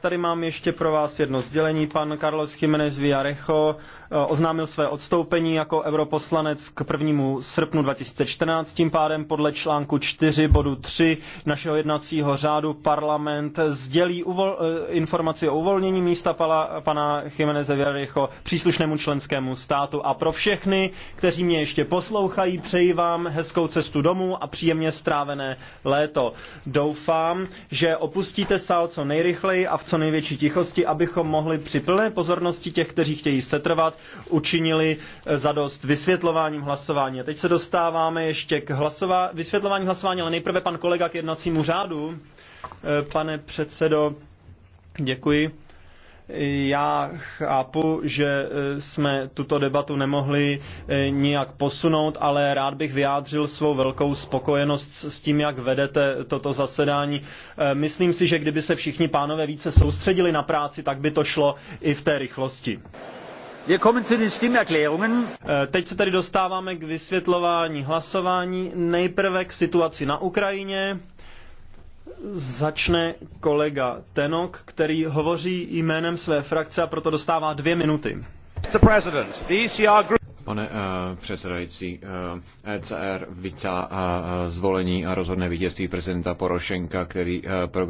tady mám ještě pro vás jedno sdělení. Pan Carlos Jiménez Villarejo eh, oznámil své odstoupení jako europoslanec k 1. srpnu 2014. Tím pádem podle článku 4 bodu 3 našeho jednacího řádu parlament sdělí uvol, eh, informaci o uvolnění místa pala, pana Jiménez Villarejo příslušnému členskému státu. A pro všechny, kteří mě ještě poslouchají, přeji vám hezkou cestu domů a příjemně strávené léto. Doufám, že opustíte sál co nejrychleji a v co největší tichosti, abychom mohli při plné pozornosti těch, kteří chtějí setrvat, učinili eh, zadost vysvětlováním hlasování. A teď se dostáváme ještě k hlasová- vysvětlování hlasování, ale nejprve pan kolega k jednacímu řádu. Eh, pane předsedo, děkuji. Já chápu, že e, jsme tuto debatu nemohli e, nijak posunout, ale rád bych vyjádřil svou velkou spokojenost s tím, jak vedete toto zasedání. E, myslím si, že kdyby se všichni pánové více soustředili na práci, tak by to šlo i v té rychlosti. Teď se tady dostáváme k vysvětlování hlasování. Nejprve k situaci na Ukrajině začne kolega Tenok, který hovoří jménem své frakce a proto dostává dvě minuty. E Pane uh, předsedající, uh, eh, ECR vítá uh, zvolení a rozhodné vítězství prezidenta Porošenka, který uh,